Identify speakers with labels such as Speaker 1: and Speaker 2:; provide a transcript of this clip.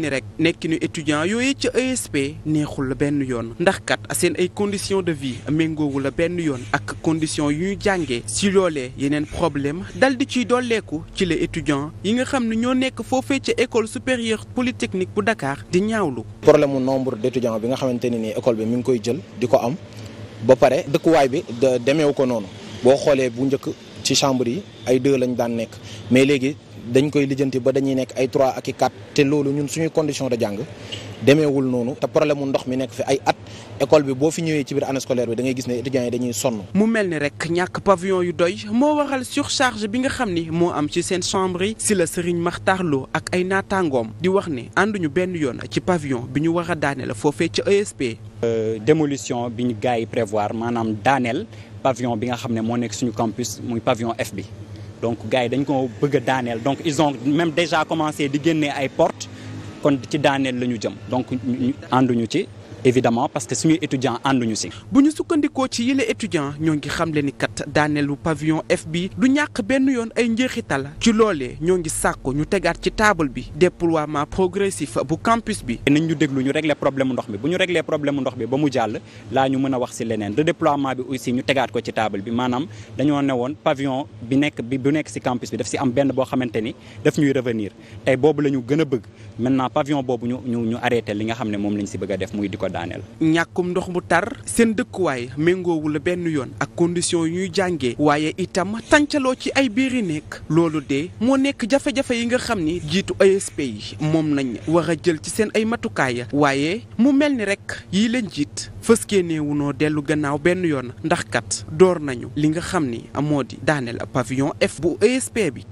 Speaker 1: ni rek nekkinu étudiant yooyu ca ESP neexul la benn yoon ndax kat seen ay conditions de vie méngoowu la benn yoon ak condition yu ñu jàngee si loolee yeneen problème dal di ciy dolleeku ci la étudiants yi nga xam ne ñoo nekk foofee ca école supérieure polytechnique
Speaker 2: bu Dakar di ñaawlu. problème mu nombre d' étudiants bi nga xamante ne nii école bi mi ngi koy jël di ko am ba pare dëkkuwaay bi demeewu ko noonu boo xoolee bu njëkk ci chambre yi ay deux lañ daan nekk dañ koy lijjanti ba dañuy nekk ay 3 ak i 4 te loolu ñun suñuy condition de jàng demeewul noonu te problème mu ndox mi nekk fi ay at école bi boo fi ñëwee ci biir année scolaire bi gis ne étudiants dañuy sonn.
Speaker 1: mu mel ni rek ñàkk pavillon yu doy moo waral surcharge bi nga xam ni moo am ci seen chambre si la Serigne Makhtar Lo ak ay naataangoom di wax ne ànduñu
Speaker 3: benn yoon ci pavillon bi ñu war a daane la foofee ca ESP. Euh, démolition bi ñu gars yi prévoir maanaam daaneel pavillon bi nga xam ne moo nekk suñu campus muy pavillon F bi. donc gars yi dañ ko bëgg a daaneel donc ils ont même déjà commencé di génnee ay porte kon ci daaneel la ñu jëm donc ànduñu ci évidemment parce que suñuy étudiants ànduñu si.
Speaker 1: bu ñu sukkandikoo ci yile étudiants ñoo ngi xamle ni kat daaneelu pavillon F bi du ñàkk benn yoon ay njeexital ci loolee ñoo ngi sàkku ñu tegaat ci taabal bi déploiement progressif
Speaker 3: bu campus bi. nañ ñu déglu ñu régler problème ndox mi bu ñu régler problème ndox bi ba mu jàll laa ñu mën a wax si leneen redéploiement bi aussi ñu tegaat ko ci table bi maanaam dañoo ne woon pavillon bi nekk bi bu nekk si campus bi daf si am benn boo xamante ni daf ñuy revenir tey boobu la ñu gën a bëgg maintenant pavillon ñu ñu ñu arrêté li nga xam ne moom lañ si bëgg a di ko daaneel. ñàkkum ndox mu tar seen
Speaker 1: dëkkuwaay méngoowul benn yoon ak condition yu ñuy jàngee waaye itam tàncaloo ci ay biiri nekk loolu de moo nekk jafe-jafe yi nga xam ni jiitu ASP yi moom nañ war a jël ci seen ay matukaay waaye mu mel ni rek yii leen jiit fës fëskee noo dellu gannaaw benn yoon ndax kat door nañu li nga xam ni amoo di daaneel pavillon F bu ASP bi.